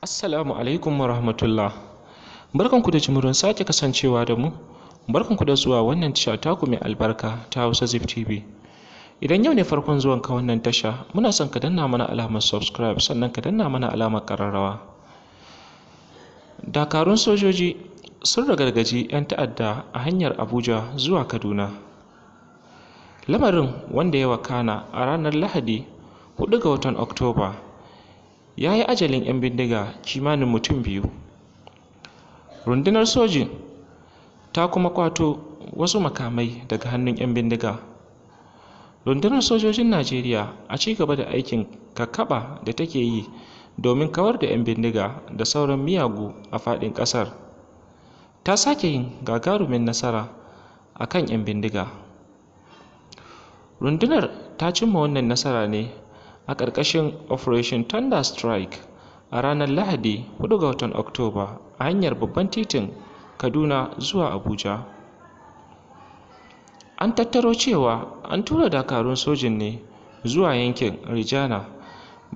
Assalamu alaikum wa rahmatullah. Barkanku da jimurin sake kasancewa da mu, barkanku da zuwa wannan tasha taku mai albarka ta Hausa Zip TV. Idan yau ne farkon zuwan ka wannan tasha, muna son ka danna mana alamar subscribe sannan ka danna mana alamar ƙararrawa. Dakarun sojoji sun ragargaji 'yan ta'adda a hanyar Abuja zuwa Kaduna. Lamarin wanda ya wakana a ranar Lahadi 4 ga watan Oktoba ya yi ajalin 'yan bindiga kimanin mutum biyu rundunar sojin ta kuma kwato wasu makamai daga hannun 'yan bindiga rundunar sojojin najeriya a cigaba da aikin kakaba da take yi domin kawar da 'yan bindiga da sauran miyagu a faɗin ƙasar ta sake yin gagarumin nasara a kan 'yan bindiga rundunar ta cimma wannan nasara ne a ƙarƙashin Operation Thunder Strike a ranar Lahadi 4 ga watan Oktoba a hanyar babban titin Kaduna zuwa Abuja. An tattaro cewa an tura dakarun sojin ne zuwa yankin Rijana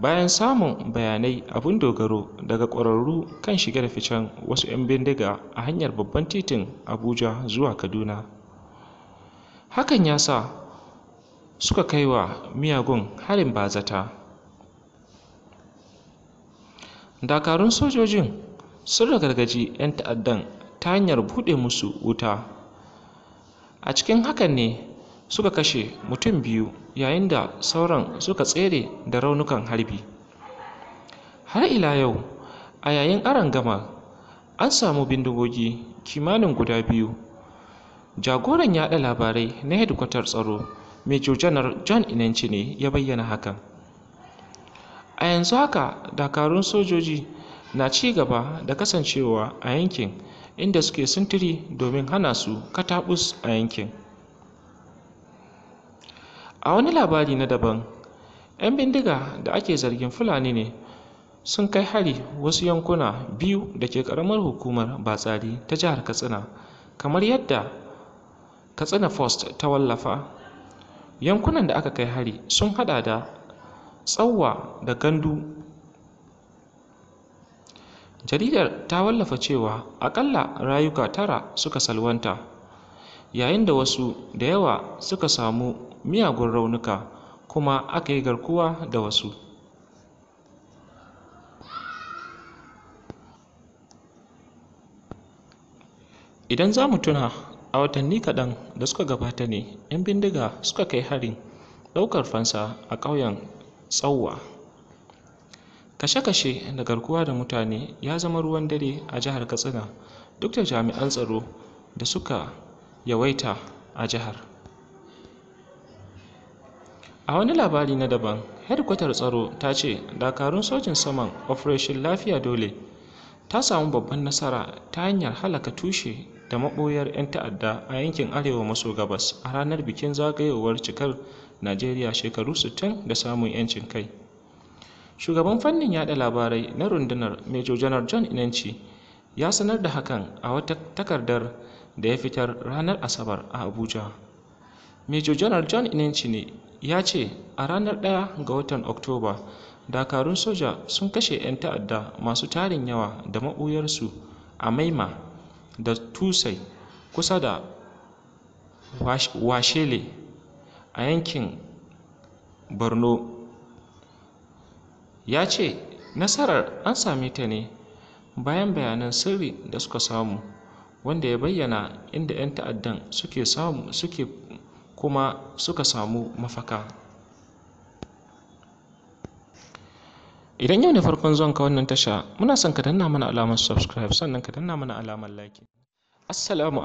bayan samun bayanai abin dogaro daga ƙwararru kan shiga da ficen wasu 'yan bindiga a hanyar babban titin Abuja zuwa Kaduna. Hakan ya sa suka kai wa miyagun harin bazata dakarun sojojin sun ragargaji 'yan ta'addan ta hanyar buɗe musu wuta a cikin hakan ne suka kashe mutum biyu yayin da sauran suka tsere da raunukan harbi har ila yau a yayin gama, an samu bindigogi kimanin guda biyu jagoran yaɗa labarai na hedikwatar tsaro major janar john inanci ne ya bayyana hakan a yanzu haka dakarun sojoji na ci gaba da kasancewa a yankin inda suke sintiri domin hana su kataɓus a yankin a wani labari na daban 'yan bindiga da ake zargin fulani ne sun kai hari wasu yankuna biyu da ke ƙaramar hukumar batsari ta jihar katsina kamar yadda katsina post ta wallafa yankunan da aka kai hari sun hada da tsawa da gandu jaridar ta wallafa cewa akalla rayuka tara suka salwanta yayin da wasu da yawa suka samu miyagun raunuka kuma aka yi garkuwa da wasu idan za mu tuna a watanni kaɗan da suka gabata ne 'yan bindiga suka kai harin ɗaukar fansa a ƙauyen tsawwa. kashe-kashe da garkuwa da mutane ya zama ruwan dare a jihar katsina duk da jami'an tsaro da suka yawaita a jihar a wani labari na daban hedkwatar tsaro ta ce dakarun sojin saman operation lafiya dole ta samu babban nasara ta hanyar halaka tushe da maɓoyar 'yan ta'adda a yankin arewa maso gabas a ranar bikin zagayowar cikar Najeriya shekaru 60 da samun 'yancin kai. Shugaban fannin yada labarai na rundunar Major janar John Inanci ya sanar da hakan a wata takardar da ya fitar ranar Asabar a Abuja. Major janar John Inanci ne ya ce a ranar 1 ga watan Oktoba dakarun soja sun kashe 'yan ta'adda masu tarin yawa da maɓuyarsu a Maima da tusai kusa da washele a yankin borno ya ce nasarar an sami ta ne bayan bayanan sirri da suka samu wanda ya bayyana inda 'yan ta'addan suke kuma suka samu mafaka Idan yau ne farkon zuwan ka wannan tasha, muna son ka danna mana alamar subscribe sannan ka danna mana alamar like. Assalamu